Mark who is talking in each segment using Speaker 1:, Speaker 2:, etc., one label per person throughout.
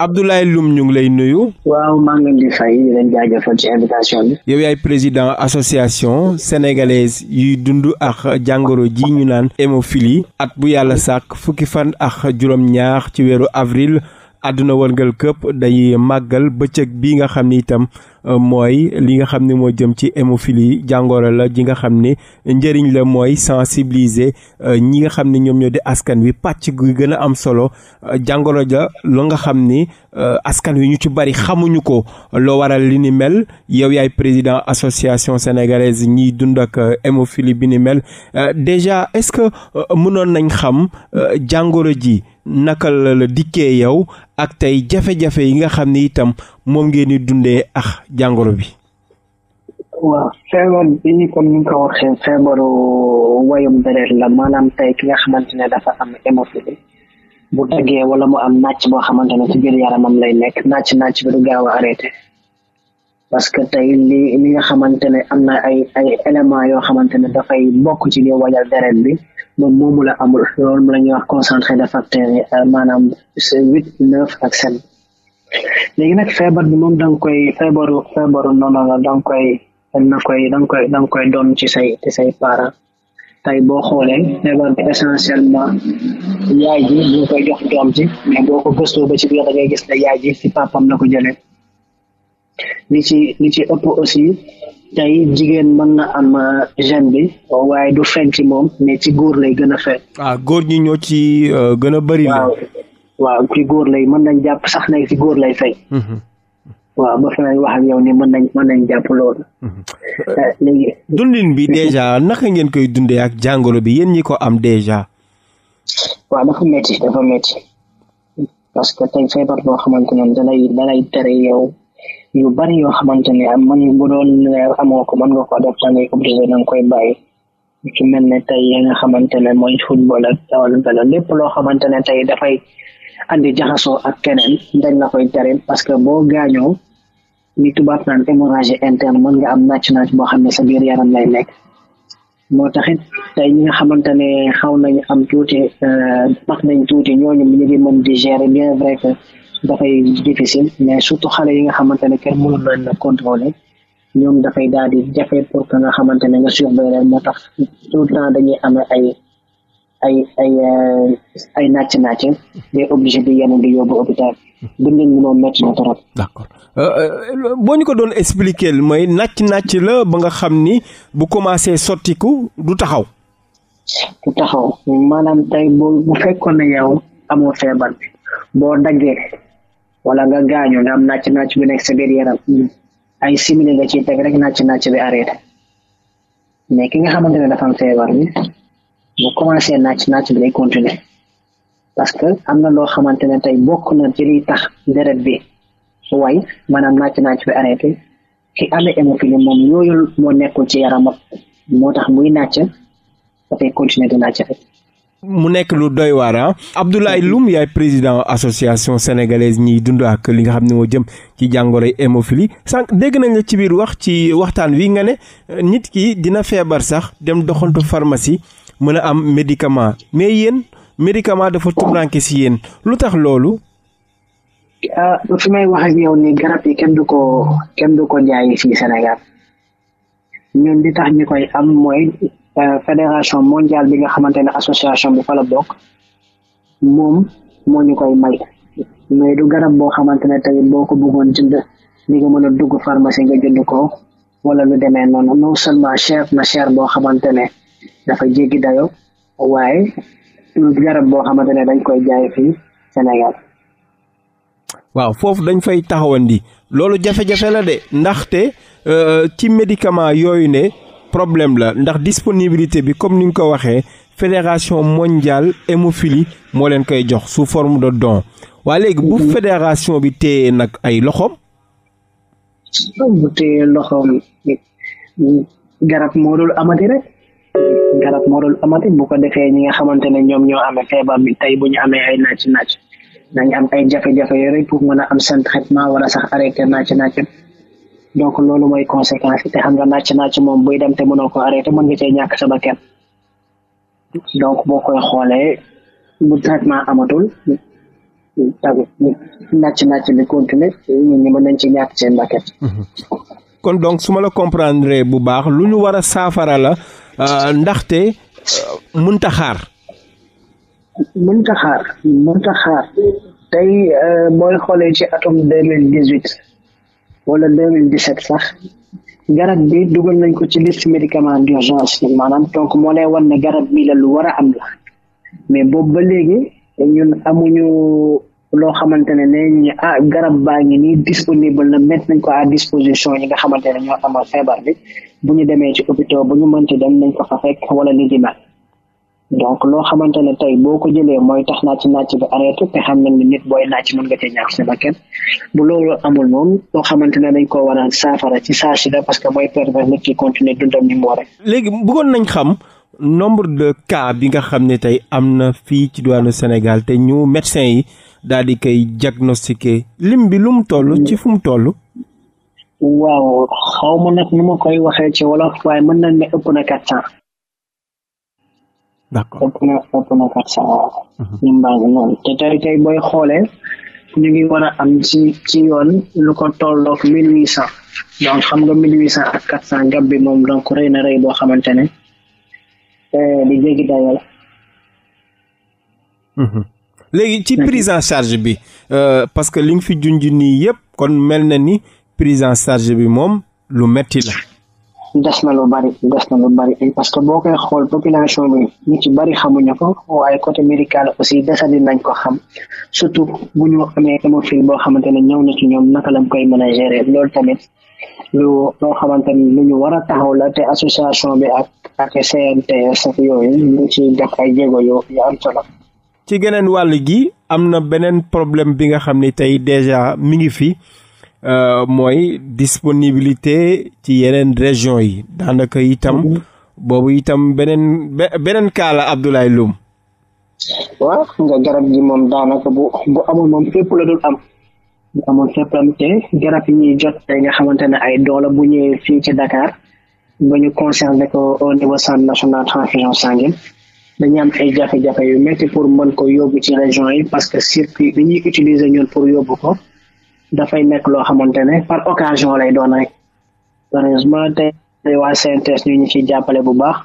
Speaker 1: Abdoulaye Loum ñu ngi lay nuyu. waaw maa ngi leen fay ci invitation bi. yow yaay président association sénégalaise yuy dund ak jàngoro ji ñu naan hémophilie at bu yàlla sàkk fukki fan ak juróom-ñaar ci weeru avril. àdduna wërngal këpp day màggal bëccëg bi nga xam ni itam euh, mooy li nga xam ni moo jëm ci hémophilie jàngoro la ji nga xam ni njëriñ la mooy sensibiliser euh, ñi nga xam ni ñoom ñoo di askan wi pàcc gu gën a am solo euh, jàngoro ja loo nga xam ni askan wi ñu ci bari xamuñu ko loo waral li ni mel yow yaay président association sénégalaise ñi dund ak hémophilie bi ni mel déjà est-ce que mënoon nañ xam jàngoro ji naka la la dikkee yow ak tey jafe-jafe yi nga xam ni itam moom ngeen di dundee ak jàngoro bi.
Speaker 2: waaw feebar bi ni nga ko waxee feebaru wayum deret la maanaam tey ki nga xamante ne dafa am hémophilie bu daggee wala mu am nàcc boo xamante ne ci biir yaramam lay nekk nàcc nàcc bi du gaaw a arrêté parce que tey li li nga xamante ne am na ay ay éléments yoo xamante ne dafay bokk ci li wayal deret bi. moom moomu la amul loolu mu la ñuy wax concentré de facteurs yi euh, maanaam huit neuf ak sept léegi nag feebar bi moom dang koy feebaru feebaru noonu la da nga koy da koy da koy da koy doon ci say ci say parents tey boo xoolee feebar bi essentiellement yaay ji koy jox doom ci mais boo ko gëstoo ba ci bi da ngay gis ne yaay ji ci papam la ko jëlee li ci ëpp aussi tey jigéen mën na am euh, gène bi waaye du feeñ ci moom mais ci góor lay gën a feeñ. ah góor ñi ñoo ci euh, gën a bëri. waaw waaw ci góor lay mën nañ jàpp sax ne ci góor lay feeñ. Mhm. waaw ba fi may wax ak ni mën nañ mën nañ jàpp loolu. Mhm. Euh, léegi
Speaker 1: dundin bi dèjà naka ngeen koy dundee ak jàngoro bi yéen ñi ko am dèjà.
Speaker 2: waaw dafa métti dafa métti parce que tey feebar boo xamante ne dalay dalay tere yow. yu bari yoo xamante ne man bu doon eh, amoo ko mën nga ko def da ngay obligé da nga koy bàyyi ci mel ne tey yi nga xamante ne mooy football ak dawal vélo lépp loo xamante ne tey dafay andi jaxasoo ak keneen dañ la koy tere parce que boo gaañoo li tubaab naan hémorragie interne mën nga am nàcc nàcc boo xam ne sa biir yaram lay nekk moo taxit tey ñi nga xamante ne xaw nañu am tuuti mag eh, nañ tuuti ñooñu ñu ngi mën di dafay difficile mais surtout xale yi nga xamante ne kenn mënul leen na contrôler ñoom dafay daal di jafe pour que nga xamante ne nga surveiller leen moo tax tout temps dañuy amee ay ay ay euh, ay nàcc nàcc day obligé di yenu di yóbbu hôpital dundin bi noonu métti na trop.
Speaker 1: Euh, euh, boo ñu ko doon expliquer mooy nàcc nàcc la ba nga xam ni bu commencé sottiku du taxaw.
Speaker 2: du taxaw maanaam tey boo bu fekkoon ne yow amoo feebal boo daggee. wala nga gaañu nga am nàcc nàcc bu nekk sa biir yaram ay simili nga ci teg rek nàcc nàcc bi arrêté mais ki nga xamante ne dafa am feebar bi bu commencé nàcc nàcc bi day continuer parce que am na loo xamante ne tey bokk na ci liy tax deret bi way maanaam nàcc nàcc bi arrêté ki amee hémophilie moom yooyu moo nekkul ci yaram moo tax muy nàcc dafay continuer di nàcc rek
Speaker 1: mu nekk lu doy waar ah Abdoulaye Loum yaay président association sénégalaise ñiy dund ak li nga xam ne moo jëm ci jàngoroy hémophilie sànq dégg na la ci biir wax ci waxtaan wi nga ne euh, nit ki dina feebar sax dem doxantu pharmacie mën a am médicament mais yéen médicament dafa tumranke si yéen lu tax loolu
Speaker 2: fi ah, may wax yow ni garab yi kenn du ko kenn du ko Sénégal ñun li tax ñu koy am mooy Euh, fédération mondiale bi nga xamante ne association bi fa la bokk moom moo ñu koy may mais du garab boo xamante ne tey boo ko bëggoon jënd li nga mën a dugg pharmacie nga jënd ko wala lu demee noonu non seulement cher na cher boo xamante ne dafa jéggi dayo waaye garab boo xamante ne dañ koy jaay fii Sénégal.
Speaker 1: waaw foofu dañ fay taxawandi loolu jafe-jafe la de ndaxte euh, ci médicament yooyu ne. problème la ndax disponibilité bi comme ni nga ko waxee fédération mondiale hémophilie moo leen koy jox sous forme de don waa léegi bu mhm. fédération bi téye nag ay loxoom.
Speaker 2: bu garab moo lul amati rek garab moo dul amati bu ko defee ñi nga xamante ne ñoom ñoo amee feebar bi tey bu ñu amee ay naaj naaj nañ am ay jafe-jafe yooyu pour mën a am seen traitement wala sax arrêté naaj naaj. donc loolu mooy conséquence yi te xam nga nàcc nàcc moom buy dem te mënoo ko arrêté mën nga cee ñàkk sa bakkan donc boo koy xoolee bu traitement amatul tagu nàcc nàcc li continuer mën nañ ci ñàkk seen bakkan
Speaker 1: kon donc su ma la comprendre bu baax lu ñu war a saafara la euh, ndaxte mun euh, mënta xaar
Speaker 2: mënta xaar mënta xaar tey euh, booy xoolee ci atum wala 2017 sax garab bi dugal nañ ko ci liste médicament d'urgence yi maanaam donc moo lay wan ne garab bi la lu war a am la mais boobu ba léegi ñun amuñu loo xamante ne ne ah garab baa ngi nii disponible na mettre nañ ko à disposition yi nga xamante ne ñoo amal feebar bi bu ñu demee ci hôpital bu ñu mënti dem nañ ko fa fekk wala ni di mel donc loo xamante ne tey boo ko jëlee mooy tax naaj ci naaj bi arrêté te xam nañ ne nit booy naaj mën nga cee ñàkk sa bakkan bu loolu amul moom loo xamante ne dañ koo war a saafara ci saa si la parce que mooy permettre nit ki continuer dundam ni mu waree.
Speaker 1: léegi bëggoon nañ xam nombre de cas bi nga xam ne tey am na fii ci diwaanu Sénégal te ñu médecin yi daal di koy diagnostiqué lim bi lu mu toll ci fu mu toll.
Speaker 2: waaw xaw ma nag nu ma koy waxee ci wala waaye mën na ne ëpp na quatre cent d'accord ëpp ëpp na quatre cent waaw. te tey tey booy xoolee ñu ngi war a am ci ci yoon lu ko tolloog mille huit cent donc xam nga mille huit cent ak quatre cent gab bi moom donc rëy na rëy boo xamante ne euh, di jéggi
Speaker 1: mhm. léegi ci prise en charge bi euh, parce que li fi junj nii yëpp kon mel na ni prise en charge bi moom lu metti la.
Speaker 2: des na lu bari des na lu bari parce que boo koy xool population bi ñu ci bari xamuñu ko waaye côté médical aussi desandi ko xam surtout bu ñu amee hémophile boo xamante ne ñëw na ci ñoom naka lañ koy mën a gérer loolu tamit lu loo xamante ni lu ñu war a taxaw la te association bi ak ak CNTS ak yooyu ñu ci def ay jéego yu yu am solo.
Speaker 1: ci geneen wàll gi am na beneen problème bi nga xam ni tey déjà mi ngi fi. Euh, mooy disponibilité ci yeneen région yi daanaka itam mhm. boobu itam beneen beneen cas la Abdoulaye Loum
Speaker 2: waaw nga garab gi moom daanaka bu bu amul moom fépp la dul am bu amul fépp la garab yi ñuy jot tey nga xamante ne ay doole bu ñëwee fii ci Dakar ba ñu conservé ko au niveau centre national transfusion sanguine dañu am ay jafe-jafe yu métti pour mën ko yóbbu ci région yi parce que circuit bi ñuy utiliser ñun pour yóbbu ko dafay nekk loo xamante ne par occasion lay doon rek heureusement tey waa CNTS ñu ñu ciy jàppale bu baax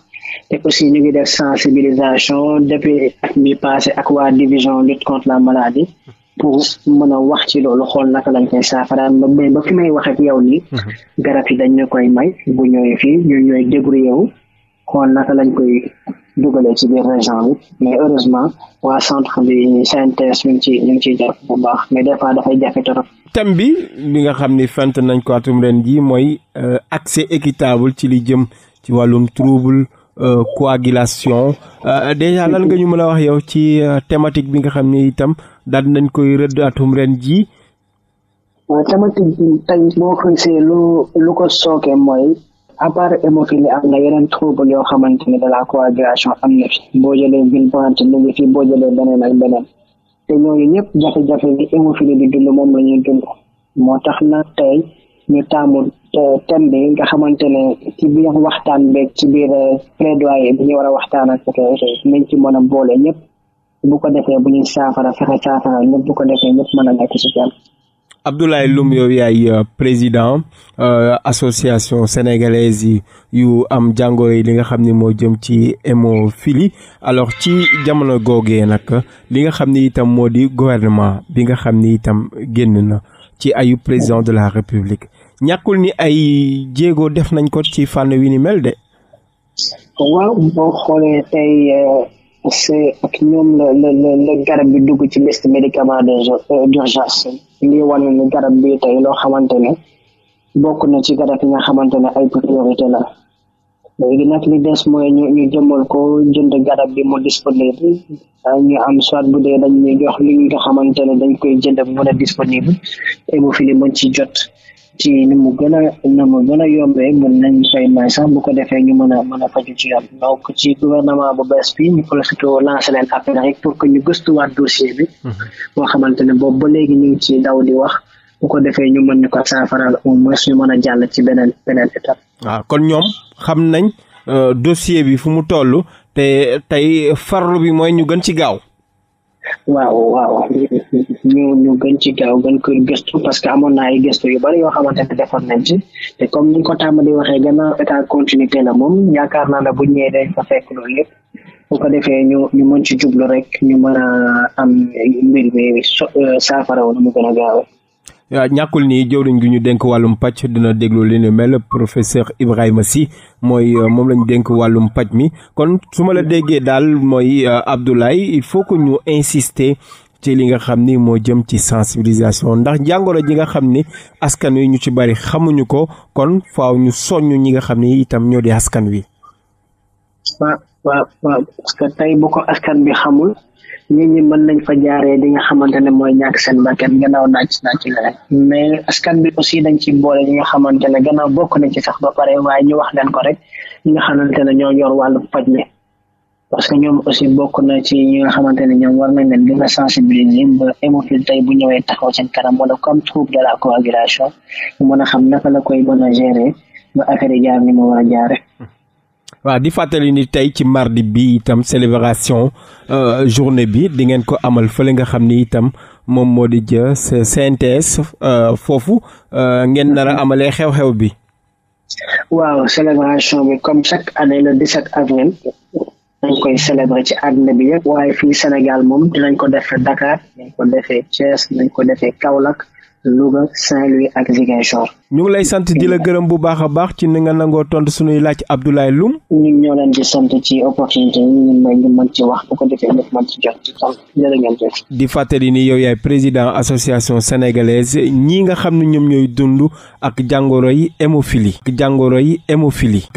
Speaker 2: te aussi ñu ngi def sensibilisation depuis at mi ak waa division lutte contre la maladie pour mën a wax ci loolu xool naka lañ koy saafara mais ba fi may wax ak yow nii mhm. garab yi dañ ñu koy may bu ñëwee fii ñu ñooy déglu yow xool naka lañ koy dugalee ci biir région bi mais heureusement waa centre bi CNTS ci bu baax mais des fois dafay jafe trop.
Speaker 1: thème bi li nga xam ni fent nañ ko atum ren ji mooy euh, accès équitable ci li jëm ci wàllum trouble euh, coagulation euh, déjà lan nga ñu mën a wax yow ci thématique bi nga xam ni itam daal nañ koy rëdd atum ren ji.
Speaker 2: thématique bi tey boo ko gisee lu lu ko sookee mooy. à part hémophilie am na yeneen trouble yoo xamante ni de la coagulation am na fi boo jëlee vilpante mu ngi boo jëlee beneen ak beneen te ñooñu ñëpp jafe-jafe bi hémophilie bi dund moom la ñuy dund moo tax na tey ñu taamu thème bi nga xamante ne ci biir waxtaan beeg ci biir euh, plaidoyer bi ñu war a waxtaan ak nañ ci mën a boole ñëpp bu ko defee bu ñuy saafara fexe saafara ñëpp bu ko defee ñëpp mën a nekk ci jàmm
Speaker 1: Abdoulaye Loum yow yaay euh, président euh, association sénégalaise yu am jàngoro yi li nga xam ni moo jëm ci hémophilie alors ci jamono googee nag li nga xam ni itam moo di gouvernement bi nga xam ni itam génn na ci ayu président de la république ñàkkul ni ay jéego def nañ ko ci fànn wi ni mel de.
Speaker 2: waaw boo xoolee tey euh, ak ñoom la la la garab bi dugg ci liste médicament d'urgence li wane ni garab bi tey loo xamante ne bokk na ci garab yi nga xamante ne ay priorité la léegi nag li des mooy ñu ñu jëmbal ko jënd garab bi mu disponible ah, ñu am soit bu dee dañ ñuy jox li nga xamante ne dañ koy jënd mu mën a disponible hémophilie mën ci jot ci ni mu gën a ni mu a yombee mën nañ soy may sax bu ko defee ñu mën a mën a faju ci yoon donc ci gouvernement bu bees bi ñu profité lancé leen appel rek pour que ñu gëstuwaat dossier bi mhm. boo xamante ne boobu ba léegi ñu ngi ci daw di wax bu ko defee ñu mën ñu ko saafaraal au moins ñu mën a jàll ci beneen beneen étape.
Speaker 1: waaw kon ñoom xam nañ euh, dossier bi fu mu toll te tey farlu bi mooy ñu gën ci gaaw.
Speaker 2: waaw ñu ñu gën ci gaaw gën ko gëstu parce que amoon na ay gëstu yu bari yoo xamante ne defoon nañ ci comme ni ko tàmm di waxee gannaaw état continuité la moom yaakaar naa ne bu ñëwee dañ fa fekk loolu yëpp bu ñu ñu mën ci jublu rek ñu mën a am mbir mi euh, saafara wala mu gën a gaawee.
Speaker 1: Euh, ñàkkul nii jëwriñ gi ñu dénk wàllum pàcc dina déglu li ni mel professeur Ibrahima si mooy euh, moom lañu dénk wàllum paj mi kon su ma la déggee daal mooy euh, Abdoulaye il faut que ñu insister ci li nga xam ni moo jëm ci sensibilisation ndax jàngoro ji nga xam ni askan wi ñu ci bari xamuñu ko kon faaw ñu soññ ñi nga xam ni itam ñoo di askan wi.
Speaker 2: waaw tey bu ko askan bi xamul. nit ñi man nañ fa jaaree di nga xamante ne mooy ñàkk seen bakkan gannaaw naaj naaj la rek mais askan bi aussi dañ ci boole ñi nga xamante ne gannaaw bokk nañ ci sax ba pare waaye ñu wax leen ko rek nga xamante ne ñoo yor wàllu faj mi parce que ñoom aussi bokk na ci ñi nga xamante ne ñoom war nañ leen gën a sensibiliser ba hémophile tey bu ñëwee taxaw seen kanam wala comme trouble de la coagulation mu mën a xam naka la koy mën a gérer ba affaire yi jaar ni mu war a jaare
Speaker 1: waaw di fàttali ni tey ci mardi bi itam célébration euh, journée bi di ngeen ko amal fële nga xam ni itam moom moo di jë CNTS euh, foofu euh, ngeen nar a mm-hmm. amalee xew-xew bi.
Speaker 2: waaw célébration bi comme chaque année le 17 avril dañ koy célébrer ci àdduna bi yëpp waaye fii Sénégal moom dinañ ko defee Dakar dinañ ko defee Thiès dinañ ko defee Kaolack. Louga Saint-Louis ak ñu
Speaker 1: ngi lay sant di la gërëm bu baax a baax ci ni nangoo tontu suñuy laaj Abdoulaye Loum.
Speaker 2: ñun ñoo leen di sant ci mën ci wax bu ko defee ñëpp
Speaker 1: di fàttali ni yow yaay président association sénégalaise ñii nga xam ne ñoom ñooy dund ak jàngoro yi hémophilie. jàngoro yi hémophilie.